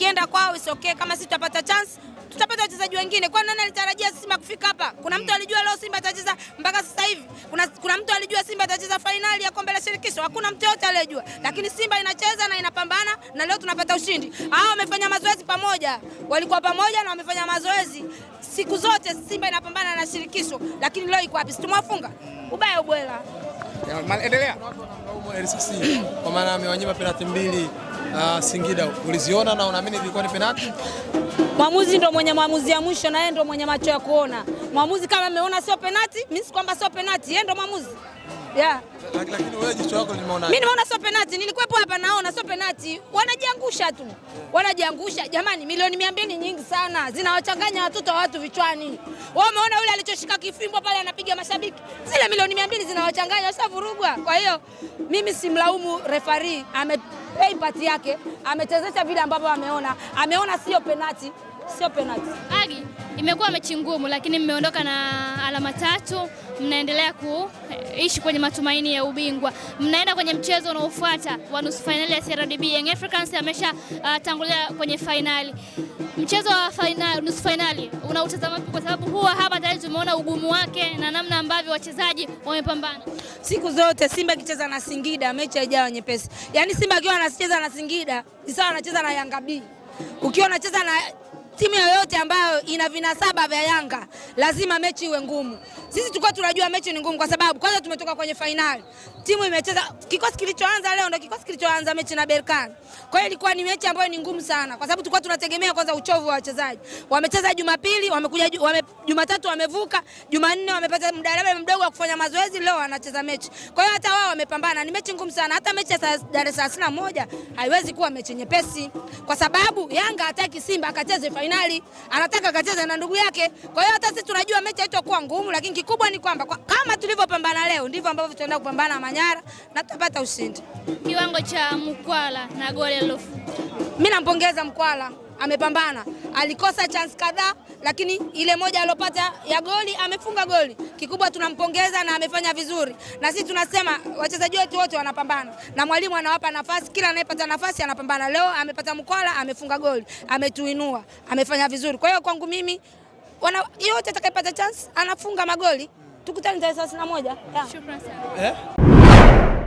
Ukienda kwao is okay, kama sisi tutapata chance tutapata wachezaji wengine. Kwa nani alitarajia Simba kufika hapa? Kuna mtu mm. alijua leo Simba atacheza mpaka sasa hivi? Kuna, kuna mtu alijua Simba atacheza fainali ya kombe la shirikisho? Hakuna mtu yote aliyejua, lakini Simba inacheza na inapambana, na leo tunapata ushindi. Hao wamefanya mazoezi pamoja, walikuwa pamoja na wamefanya mazoezi siku zote. Simba inapambana na shirikisho, lakini leo iko wapi? Situmwafunga ubaya ubwela, endelea kwa maana amewanyima penalti mbili uh, Singida uliziona na unaamini zilikuwa ni penalti? Mwamuzi ndo mwenye maamuzi ya mwisho na yeye ndo mwenye macho ya kuona. Mwamuzi kama ameona sio penalti, mimi si kwamba sio penalti, yeye ndo mwamuzi. Yeah. Lakini wewe jicho lako limeona. Mimi nimeona sio penalti, nilikuwepo hapa naona sio penalti. Wanajiangusha tu. Wanajiangusha. Jamani, milioni 200 nyingi sana. Zinawachanganya watoto wa watu vichwani. Wewe umeona yule alichoshika kifimbo mashabiki. Zile milioni mia mbili zinawachanganya vurugwa Kwa hiyo mimi simlaumu refari, amepei pati yake, amechezesha vile ambavyo ameona, ameona sio penati sio penalty. Agi, imekuwa mechi ngumu, lakini mmeondoka na alama tatu, mnaendelea kuishi kwenye matumaini ya ubingwa. Mnaenda kwenye mchezo unaofuata wa nusu fainali ya CRDB. Young Africans amesha uh, tangulia kwenye fainali. Mchezo wa fainali, nusu fainali unautazama kwa sababu huwa hapa tayari tumeona ugumu wake na namna ambavyo wachezaji wamepambana siku zote. Simba akicheza na Singida mechi haijawa nyepesi, yaani Simba akiwa anacheza na Singida ni sawa anacheza na Yanga B. Ukiwa anacheza na timu yoyote ambayo ina vinasaba vya Yanga lazima mechi iwe ngumu. Sisi tulikuwa tunajua mechi ni ngumu, kwa sababu kwanza tumetoka kwenye fainali, timu imecheza. Kikosi kilichoanza leo ndio kikosi kilichoanza mechi na Berkane. Kwa hiyo ilikuwa ni mechi ambayo ni ngumu sana, kwa sababu tulikuwa tunategemea kwanza uchovu wa wachezaji. Wamecheza Jumapili, wamekuja wame, Jumatatu, wamevuka, Jumanne, wamepata muda labda mdogo wa kufanya mazoezi, leo wanacheza mechi. Kwa hiyo hata wao wamepambana, ni mechi ngumu sana. Hata mechi ya Dar es Salaam moja haiwezi kuwa mechi nyepesi, kwa sababu Yanga hataki Simba akacheze fainali, anataka akacheze na ndugu yake. Kwa hiyo hata sisi tunajua mechi haitakuwa ngumu, lakini kikubwa ni kwamba kwa, kama tulivyopambana leo ndivyo ambavyo tutaenda kupambana na Manyara na tutapata ushindi. Kiwango cha Mkwala na goli alilofunga, mimi nampongeza Mkwala, amepambana, alikosa chance kadhaa, lakini ile moja alopata ya goli amefunga goli. Kikubwa tunampongeza na amefanya vizuri, na sisi tunasema wachezaji wetu wote wanapambana na mwalimu anawapa nafasi, kila anayepata nafasi anapambana. Leo amepata Mkwala, amefunga goli, ametuinua, amefanya vizuri. Kwa hiyo kwangu mimi wana yote atakayepata chance anafunga magoli. Tukutane tarehe 31. Shukrani sana. Eh?